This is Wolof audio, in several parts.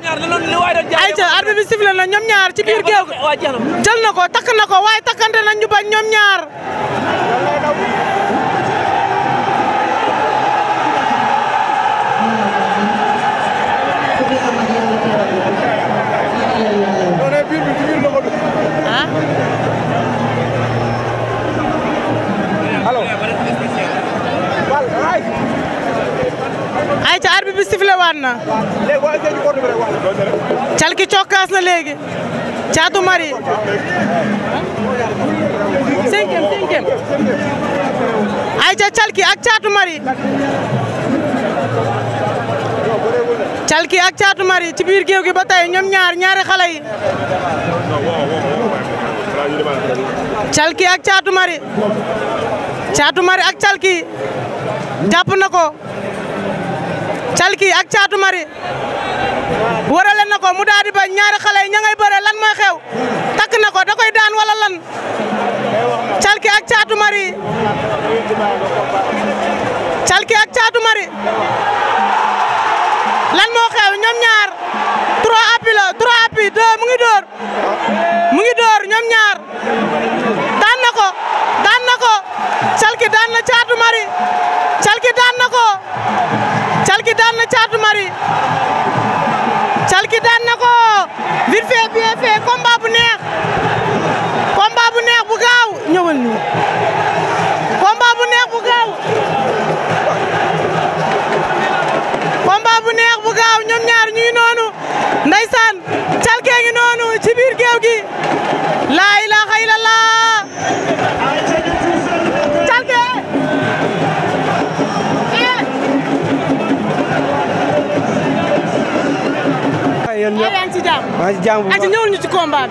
ayca arbitre bi sifflé na ñoom ñaar ci biir eh, géew jël na ko takk na ko waaye takkante na ñu bañ ñoom ñaar करना चल के चौक कहा ले गए चाह तुम्हारी आई जा चल की अच्छा तुम्हारी चल की अच्छा तुम्हारी छिपीर की होगी बताए नम यार यार खलाई चल की अच्छा तुम्हारी चाह तुम्हारी अच्छा चल की जापन को digal kii ak chatu mari warale nako ko mu dadi ba ñaari xalé yi ña ngay bëre lan moy xew tak nako da koy daan wala lan calki ak chatu mari calki ak chatu mari lan mo xew ñom ñaar trois appuis la trois appuis deux mu ngi door mu ngi door ñom ñaar daan nako daan na ko calki daan na mari calki daan किताब में चार yéen ñëpp maa ngi ci jàmm maa bu baax ak ñëwul ñu ci combat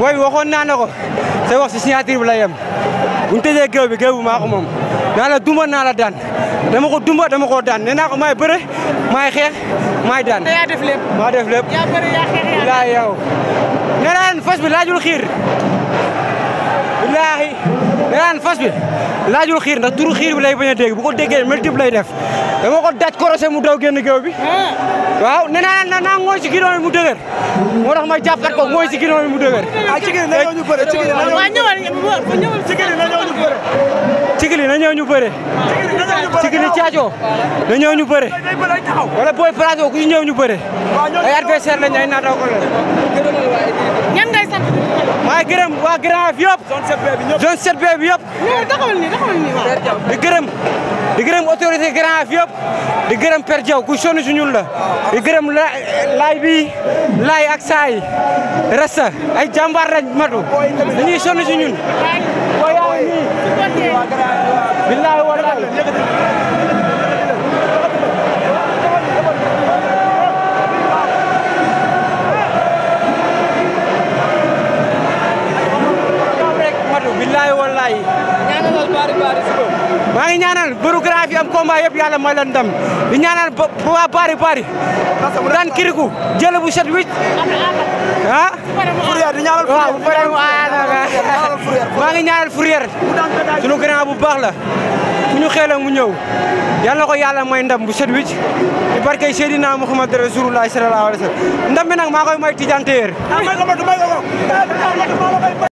waxoon naa ne ko say si signature bi la yem bu ñu tëjee géew bi géew bi maa ko moom naa la duma naa la daan dama ko duma dama koo daan nee naa ko maay bëre maay xeex maay daan. yaa def lépp maa def nee naa fas bi laajul xiir. billaahi da naan fas bi laajul xiir ndax turu xiir bi lay bañ a dégg bu ko déggee multiple lay def dama ko daj korosé mu daw génn géew bi ah. waaw nee naa na naa mooy si ginnaaw bi mu dëgër moo tax ma jàppat ko mooy si ginnaaw bi mu dëgër. ah na ñëw ñu bëre cigili na ñëw ñu bëre. cigili na ñu bëre. Ah. ci gën a caacoo ñu bëre wala booy plateau ku ñëw ñu bëre ay adversaire lañ ay naataw ko la maa gërëm waa Grand Yoff yëpp zone 7B bi yëpp taxawal ni taxawal ni waaw di ku sonn si ñun la di gërëm laay bi laay ak saay ay jàmbaar lañ matu dañuy sonn si ñun boo wallaay ñaanalal maa ngi ñaanal bëru graaf yi am combat yëpp yàlla mooy leen ndam di ñaanal waa bari bari daan kiriku jël bu set wicc ah fourière di ñaanal waaw mu bu baax mu ñëw yal na ko yàlla mooy ndam bu set wicc di barke Seydina Muhammad Rasulullah sallallahu alayhi wa sallam ndam bi nag maa koy may Tidiane Téer ah,